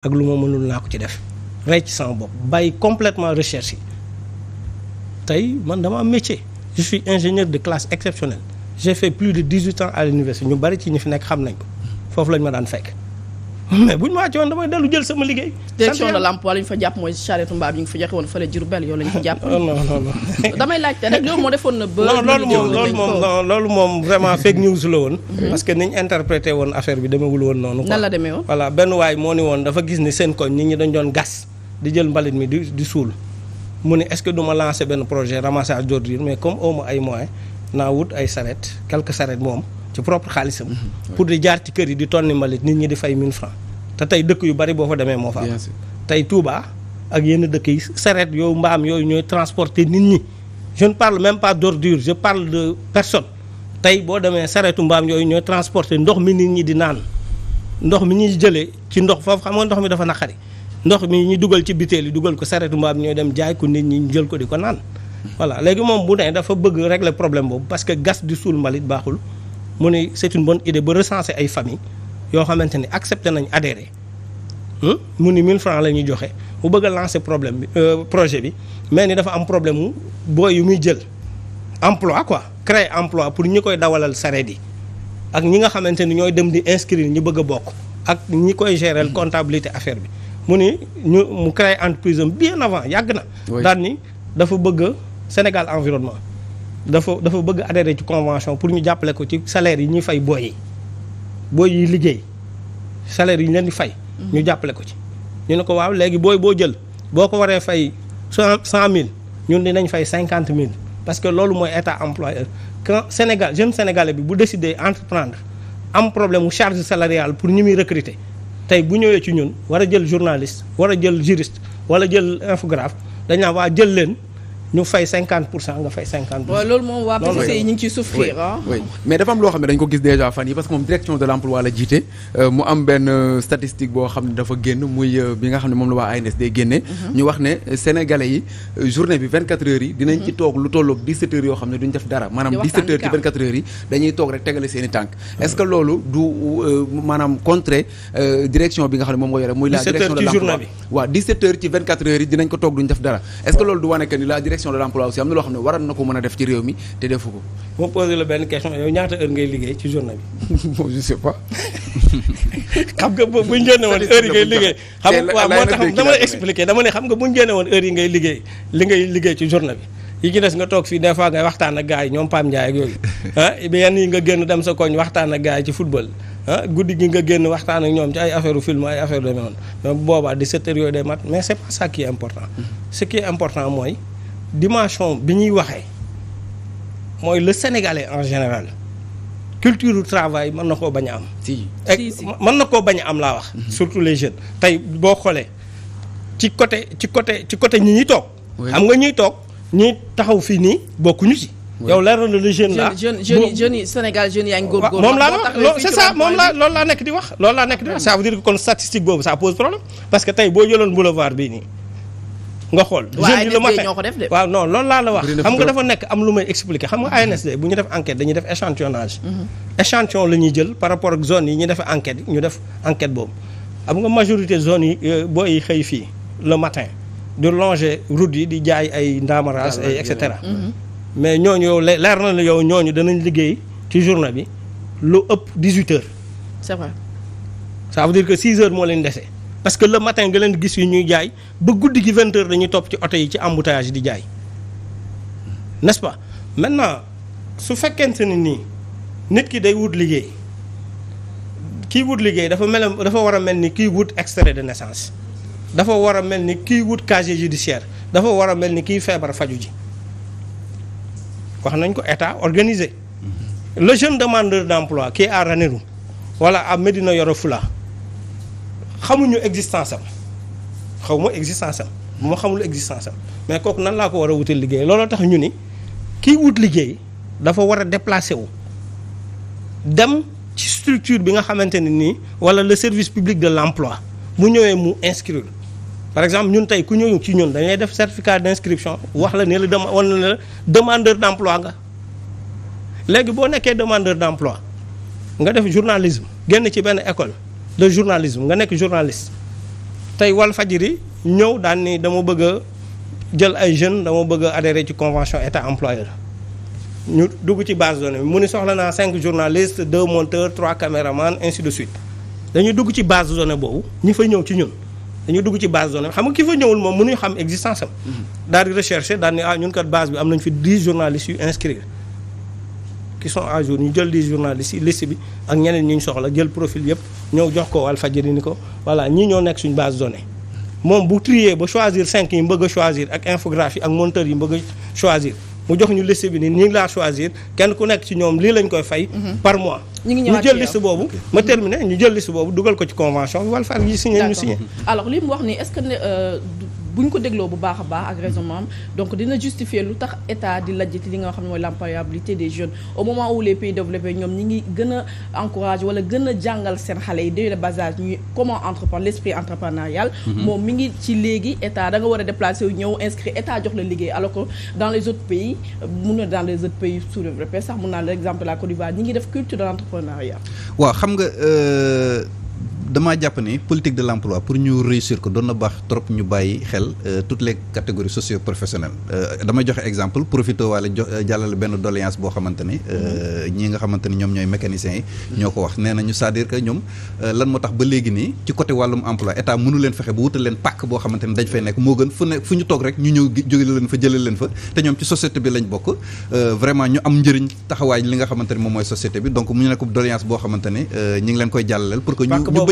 ak lu ma mënul naa ko ci def rey ci sama bopp bàyyi complètement recherche yi tey man dama am métier je suis ingénieur de classe exceptionnelle j'ai fait plus de dix-huit ans à l'université ñu bari ci ñi fi nekk xam nañ ko foofu lañ ma daan fekk mais buñ ma wàcce woon damay dellu jël sama liggéey. direction de l'emploi li ñu fa jàpp mooy charrette mbaam yi ñu fa joxe woon fële Diourbel yow la ñu fa jàpp. non loolu moo loolu moom loolu moom non loolu moom vraiment fake news la woon. Mhm. parce que ni ñu woon affaire bi demewul woon noonu. nan la demee woon voilà benn waay moo ni woon dafa gis ni seen koñ nit ñi dañ doon gas di jël mbalit mi di di suul. mu ne est-ce que du ma benn projet ramassage d'ordures mais comme ay moyens naa wut ay charrette quelques charrette moom ci propre xaalisam. Mhm. pour di jaar ci kër yi di tonni mbalit nit ñi di fay 1000 francs te tey dëkk yu bari boo fa demee moo fa am. tey Touba ak yenn dëkk yi sareet yow mbaam yooyu ñooy transporter nit ñi jeune ne parle même pas d'ordure je parle de personne tey boo demee sareetu mbaam yooyu ñooy transporter ndox mi nit ñi di naan ndox mi ñuy jële ci ndox foofu xam nga ndox mi dafa naqari ndox mi ñu dugal ci biteel yi dugal ko sareetu mbaam ñooy dem jaay ko nit ñi ñu jël ko di ko naan. voilà léegi moom bu ne dafa bëgg régler problème boobu parce que gas di suul mbalit baaxul. mu ne c'est une bonne idée ba recenser ay famille yoo xamante ni accepté nañ adhéré hmm? mu ni 1000 francs la ñuy joxe mu bëgg a lancer problème bi euh, projet bi mais ni dafa am problème mu booy yu muy jël emploi quoi créer emploi pour ñi koy dawalal sareet yi ak ñi nga xamante ni ñooy dem di inscrire ñu bëgg bokk ak ñi koy gérer hmm. comptabilité affaire bi mu ni ñu mu créer entreprise am bien avant yàgg na daan ni dafa bëgg Sénégal environnement dafa dafa bëgg adhérer ci convention pour ñu jàppale ko ci salaire yi ñuy fay booy yi booy yi liggéey salaire yi leen di fay. Mm-hmm. ñu jàppale ko ci. ñu ne ko waaw léegi booy boo jël boo ko waree fay cent mille ñun dinañ fay cinquante mille parce que loolu mooy état employeur quand Sénégal jeune sénégalais bi bu décider entreprendre am problème mu charge salariale pour ñi muy recruter tey bu ñëwee ci ñun war a jël journaliste war a jël juriste wala jël infographe dañ waa jël leen. ñu fay cinquante pour cent nga fay 50. waaw loolu moom waa PCCI yi ñu ngi ciy souffrir ah. mais dafa am loo xam ne dañ ko gis déjà fan yi parce que moom direction de l'emploi la jiite euh, mu am benn euh, statistique boo xam ne dafa génn muy euh, bi nga xam ne moom la waa ANSD génne. Mhm. ñu wax ne sénégalais yi journée bi 24 heures yi. dinañ ci mhm. toog lu tolloog 17 heures yoo xam ne duñ def dara. maanaam 17 heures ci 24 heures yi mhm. du de l'emploi 17 heures ci journée bi waaw 17 heures ci 24 heures yi dinañ direction de l' emploi aussi am na loo xam ne waroon na ko mën a def ci réew mi te defu ko. moo posé la benn question yow ñaata heure ngay liggéey ci journée bi. bu ñu génne woon heure yi ngay liggéey. nga ne xam nga bu ñu woon heure yi ngay liggéey li ngay liggéey ci journée bi. yi ci des nga toog fii des fois ngay waxtaan ak gars yi ñoom Pam Ndiaye ak yooyu ah yi nga génn dem sa koñ waxtaan ak gars yi ci football ah, guddi gi nga génn waxtaan ak ñoom ci ay affaire film ay affaire demee noonu donc boobaa 17 heures yooyu day mat mais c'est pas ça qui est important mm-hmm. ce qui est important mooy dimension bi ñuy waxee mooy le sénégalais en général culture du travail mën na koo bañ a am. si mën na koo bañ a am laa wax. Mhm. surtout les jeunes tey boo xoolee ci côté ci côté ci côté ñi ñuy toog. xam nga ñuy toog ñuy taxaw fii nii bokkuñu ci. yow leeroon na le jeune la jeune jeune jeune yi Sénégal jeune yaa ngi góorgóorlu moom laa la c'est ça moom laa loolu laa nekk di wax. loolu laa nekk di wax ça veut dire kon statistique boobu ça pose problème parce que tey boo jëloon boulevard bii nii. nga xool jeudi le matin waaw non loolu laa la wax xam nga dafa nekk am lu may expliquer xam nga ANSD bu ñu def enquête dañuy def échantillonnage mhm. échantillon la ñuy jël par rapport ak zone yi ñu defe enquête ñu def enquête boobu am nga majorité zone yi euh, booy xëy fii le matin di longer route yi di jaay ay ndaamaraas ay et cetera mhm. mais ñooñu yow leer na la yow ñoo ñu danañ liggéey ci journée bi lu ëpp 18 heures. c'est vrai ça dire que 6 heures moo leen dese. parce que le matin nga leen gis yu ñuy jaay ba guddi gi vingt heures dañuy topp ci oto yi ci embouteillage di jaay n'est-ce pas maintenant su fekkente ne nii nit ki day wut liggéey kii wut liggéey dafa mel dafa war a mel ni kii wut extrait de naissance dafa war a mel ni kii wut casier judiciaire dafa war a mel ni kii feebar faju ji wax nañ ko état organisé le jeune demandeur d'emploi qui est à Ranérou wala à Médina Yoro Foulah xamuñu existence am xaw ma existence am bu ma xamul existence mais kooku nan laa ko war a wutal liggéey looloo tax ñu ni kiy wut liggéey dafa war a déplacé wu dem ci structure bi nga xamante ne nii wala le service public de l'emploi bu ñëwee mu inscrire par exemple ñun tey ku ñëw ci ñun dañuy def certificat d'inscription wax la ne la dem wan la demandeur d'emploi nga léegi boo nekkee demandeur d'emploi nga def journalisme génn ci benn école de journalisme nga nekk journaliste tey wal Walfadjri ñëw daan ni dama bëgg a jël ay jeunes dama bëgg a adhérer ci convention état employeur ñu dugg ci base données mu ni soxla naa cinq journalistes deux monteurs trois caméramans ainsi de suite dañuy dugg ci base donnée boobu ñi fa ñëw ci ñun dañu dugg ci base donnée xam nga ki fa ñëwul moom mënuñu xam existence am mhm. daal di rechercher daal ni ah ñun kat base bi am nañ fi dix journalistes yu inscrire qui sont en jour ñu jël di journalistes yi liste bi ak ñeneen ñu ñu soxla jël profil yëpp ñëw jox ko Walfadjri ni ko voilà ñii ñoo nekk suñu base donnée moom bu trier ba choisir cinq yi mu a choisir ak infographie ak monteur yi mu a choisir mu jox ñu liste bi ni ñi laa choisir kenn ku nekk ci ñoom lii lañ koy fay mhm. par mois ñu jël liste boobu ma terminé ñu jël liste boobu dugal ko ci convention bi Walfadjri signé ñu signé alors mu wax ni est-ce que euh, bu ñu ko dégloo bu baax baax ak raisonnement donc dina justifier lu tax état di lajjati li nga xam ne mooy l'employabilité des jeunes au moment où les pays développés ñoom ñi ngi gën a encouragé wala a jàngal seen xale yi dès le bas âge ñuy comment entreprendre l'esprit entrepreneurial mhm. moom mi ngi ci léegi état danga war a déplacer wu ñëw inscrit état jox la liggéey alors ko dans les autres pays mun na dans les autres pays sous-développés sax mun naa l'exemple la Côte d'Ivoire ñi ngi def culture de l'entrepreneuriat waaw xam nga euh, damaa jàpp ni politique de l'emploi pour ñu réussir ko doon na baax trop ñu bàyyi xel euh, toutes les catégories socio-professionnelles euh, damay joxe exemple profité waale jo euh, jàllale benn doléance boo xamante ni mhm. nga xamante ñoom ñooy mécaniciens yi mhm. ñoo ko wax nee nañu c'est-à-dire que ñoom lan moo tax ba léegi nii ci côté wàllum emploi état mënu fexe ba wutal leen boo xamante ni dañ fay nekk moo gën fu ne fu ñu toog rek ñu ñëw jóge leen fa jëlee leen fa te ñoom ci société am njëriñ moom mooy société bi donc mu nekk doléance boo xamante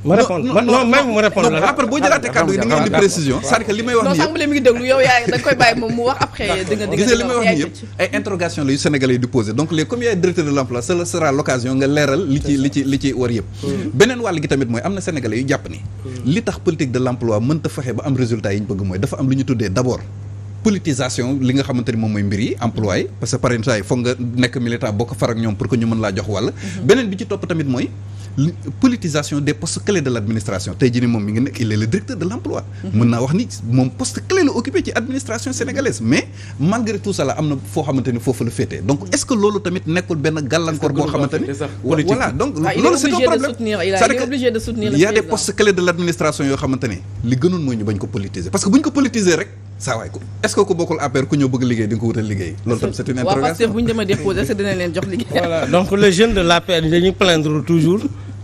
ma répondre non non man ma répondre la après boo jëlaatee ah, kàddu gi di précision c'est-à-dire li may wax nii yëpp ay interrogation la yu sénégalais yi di posé donc les comme yaay directeur de l'emploi cela sera l'occasion nga leeral li ci li ci war yëpp beneen wàll gi tamit mooy am na sénégalais yu jàpp ni li tax politique de l'emploi mënta fexe ba am résultat yi ñu bëgg mooy dafa am lu ñu tuddee d'abord politisation li nga xamante ni moom mooy mbir yi emploi yi parce que parents yi foog nga nekk militant boo ko far ak ñoom pour politisation des postes clés de l' administration tey jii moom mi ngi nekk il est directeur de l' emploi. Mhm. naa wax ni moom poste clé la occupé ci administration sénégalaise mais malgré tout ça la am na foo xamante foofu la féetee donc est que loolu tamit nekkul benn gàllankoor boo xamante ni. donc ah, loolu c' est problème il de soutenir il y a des de l' yoo xamante li gënoon mooy ñu bañ ko politiser parce que saa waay est-ce que ku bokkul APR ku ñëw bëgg liggéey di nga ko wutal liggéey. loolu tam c'est une interrogation waaw parce que bu ñu demee déposé est-ce que leen jox liggéey. donc les jeunes de l'APR dañuy plaindre toujours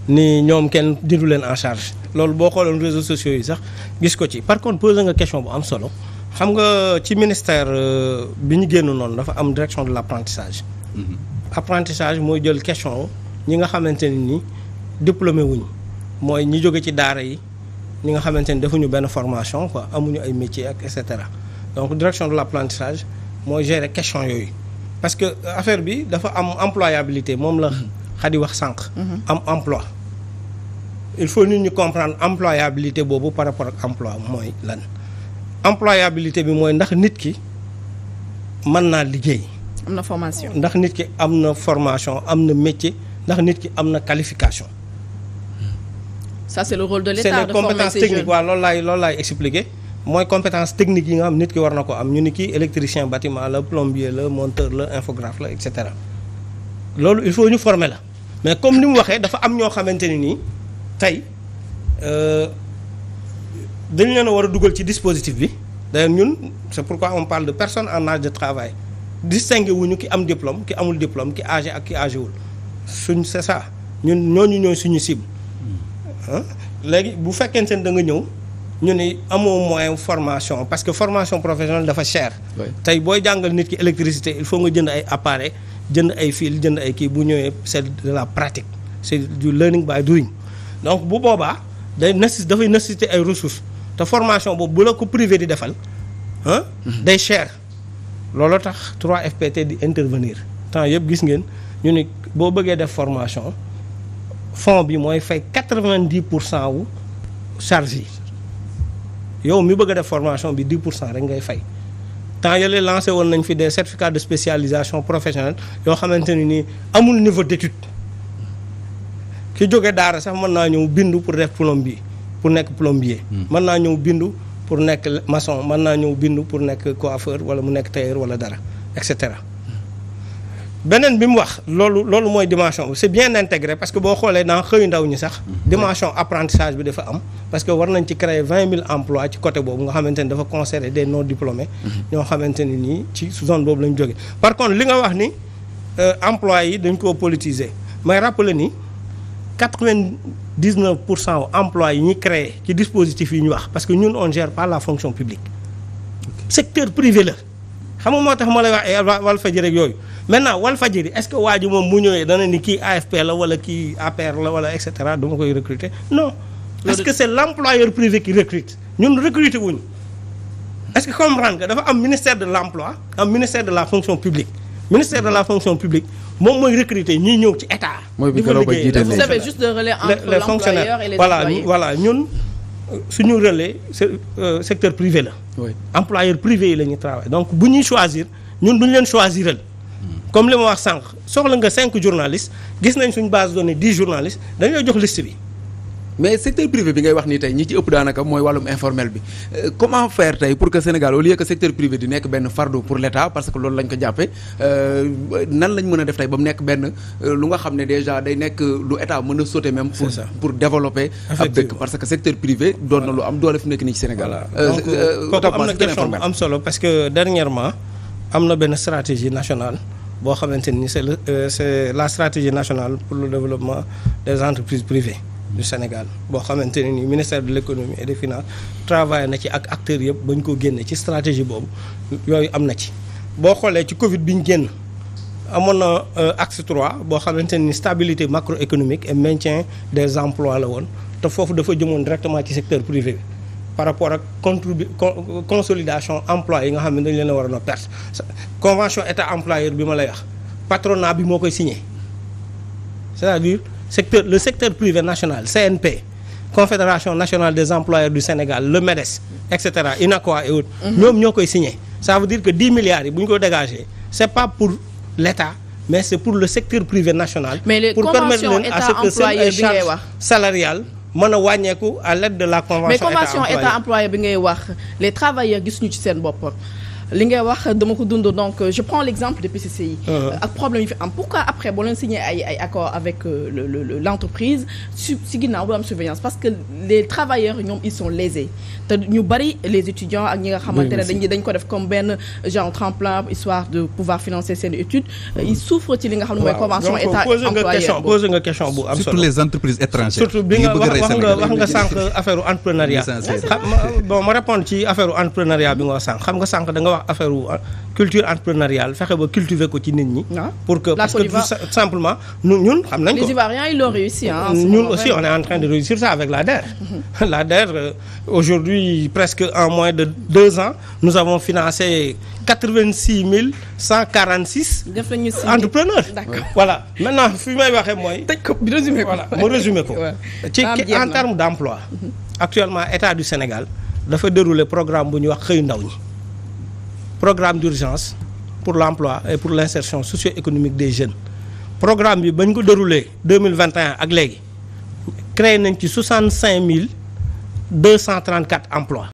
ni ñoom kenn dindu leen en charge loolu boo xooloon réseaux sociaux yi sax gis ko ci par contre posé nga question bu am solo xam nga ci ministère euh, bi ñu génn noonu dafa am direction de l'apprentissage. Mm-hmm. apprentissage mooy jël question ñi nga xamante ne ni diplômé wuñu mooy ñi jóge ci daara yi. ñi nga xamante ni defuñu benn formation quoi amuñu ay métier ak et cetera donc direction de la l'apprentissage mooy gérer question yooyu parce que euh, affaire bi dafa am employabilité moom la Khady wax sànq mhm. am emploi il faut nit ñu comprendre employabilité boobu par rapport ak emploi mooy lan employabilité bi mooy ndax nit ki mën naa liggéey am na formation ndax nit ki am na formation am na métier ndax nit ki am na qualification ça c'est le rôle de l'État de former ces jeunes c'est loolu laay loolu mooy compétence technique yi nga xam nit ki war na ko am ñu ni ki électricien bâtiment la plombier la monteur la infographe la et cetera loolu il faut ñu former la mais comme ni mu waxee dafa am ñoo xamante ne nii tey euh, dañu leen a war a dugal ci dispositif bi d'ailleurs ñun c'est pourquoi on parle de personne en âge de travail wu wuñu ki am diplôme ki amul diplôme ki âgé ak ki âgé suñ c'est ça ñun ñooñu ñooy suñu cible. léegi bu fekkente ne da nga ñëw ñu ni amoo moyen formation parce que formation professionnelle dafa chair tey booy jàngal nit ki électricité il faut nga jënd ay appareil jënd ay fil jënd ay kii bu ñëwee c'est de la pratique c'est du learning by doing donc bu boobaa day nécessité dafay nécessité ay ressources te formation boobu bu la ko privé di defal ah. day cher loolu tax 3FPT di intervenir temps yëpp gis ngeen ñu ni boo bëggee def formation. fond bi mooy fay quatre-vingt-dix pour cent wu charge yow mi bëgg a def formation bi dix pour cent rek ngay fay temps yële lancé woon nañ fi des certificats de spécialisation professionnelle yoo xamante ne nii amul niveau d'étude ki jóge daara sax mën naa ñëw bindu pour def plombier pour nekk plombier. Hmm. mën naa ñëw bindu pour nekk maçon mën naa ñëw bindu pour nekk coiffeur wala mu nekk tailleur wala dara et cetera. beneen bi mu wax loolu loolu mooy dimension c'est bien intégré parce que boo xoolee dans xëyu ndaw ñi sax mhm. dimension apprentissage bi dafa am parce que war nañ ci créer vingt mille emploi ci côté boobu nga xamante ni dafa concerner des non diplômés mhm. ñoo xamante ni nii ci zone boobu lañ jóge par contre li nga wax ni euh, emploi yi dañ koo politiser mais rappelé ni quatre-vingt-dix-neuf pour cent emploi yi ñuy créer ci dispositif yi ñu wax parce que ñun on gère par la fonction publique secteur privé la xam nga moo tax ma lay wax ay eh, Walfadjri yooyu maintenant Walfadjri est-ce que waa moom mu ñëwee dana ni kii AFP la wala kii APR la wala et cetera du ma koy recruter non. parce que c'est l'employeur privé qui recrute ñun recruter wuñu est-ce que comprendre nga dafa am ministère de l'emploi am ministère de la fonction publique ministère de la fonction publique moom mooy recruter ñiy ñëw ci état. mooy bi keroog ba jiite vous avez juste de relais entre l'employeur et les employés voilà ñun. Euh, suñu relais euh, secteur privé la. oui employeur privé yi la ñuy travailler donc bu ñuy choisir ñun duñu leen choisiral. comme li ma wax sànq soxla nga cinq journalistes gis nañ suñ base donné dix journalistes dañoo jox liste mais secteur privé bi ngay wax nii tey ñi ci ëpp daanaka mooy wàllum informel bi euh, comment faire tey pour que Sénégal au lieu que secteur privé di nekk benn fardeau pour l'État parce que loolu lañ ko jàppee euh, nan lañ mën a def tey ba mu nekk benn euh, lu nga xam ne déjà day nekk lu État mën a sauter même. pour pour développer. ab dëkk parce que secteur privé doon na lu am doole fi nekk nii ci Sénégal. donc am na am solo parce que dernièrement am na benn stratégie nationale. boo xamante ni c'est le euh, c'est la stratégie nationale pour le développement des entreprises privées du Sénégal boo xamante ne ni ministère de l'économie et des finances travaille na ci ak acteur yëpp ba ñu ko génnee ci stratégie boobu yooyu am na ci boo xoolee ci Covid bi ñu génn amoon na euh, axe 3 boo xamante ni stabilité économique et maintien des emplois la woon te foofu dafa jëmoon directement ci secteur privé bi par rapport ak contribu consolidation emploi yi nga xam ne dañ leen a waroon a perte convention état employeur bi ma lay wax patronat bi moo koy signé c'est-à-dire secteur le secteur privé national CNP confédération national des employeurs du Sénégal le MEDES et cetera UNACOIS et autres mhm. ñoom ñoo koy signé ça veut dire que dix milliards yi bu ñu ko dégagé c'est pas pour l'État mais c'est pour le secteur privé national mais pour permettre leen à ce que mën a wàññeeku à l'aide de la convention état employeur bi ngay wax les travailleurs gis ñu ci seen bopp li ngay wax dama ko dund donc euh, je prends l'exemple de PCCI ah. ak problème am pourquoi après boo leen signé ay ay accord avec euh, le le l'entreprise su si surveillance parce que les travailleurs ñoom ils sont lésés te ñu bari les étudiants ak ñi nga xamante ne dañ dañ ko def comme benn genre tremplin histoire euh, ci li nga xam ne mooy convention état employeur posé nga question bu am solo surtout les entreprises étrangères surtout sànq affaire entrepreneuriat bon ma répondre ci affaire entrepreneuriat bi nga wax sànq xam nga sànq da nga wax affaire wu euh, culture entrepreneuriale fexe ba cultiver ko ci nit ñi. Ah. pour que parce que tout simplement ñun xam nañ ko. les Ivoiriens ils l'ont réussi hein. ñun aussi on est en train de réussir ça avec la DER. Mhm. la DER euh, aujourd'hui presque en moins de deux ans nous avons financé quatre-vingt-six mille cent quarante-six. def nañu si entrepreneurs. voilà maintenant fi may waxee mooy. tëj ko bi résumé ko voilà mu résumé ko. ci en terme d'emploi. Mhm. actuellement état du Sénégal dafa dérouler programme bu ñuy wax xëyu ndaw ñi. programme d'urgence pour l'emploi et pour l'insertion socio-économique des jeunes programme bi bañ ko déroulé 2021 ak léegi créé nañ ci 65 234 emplois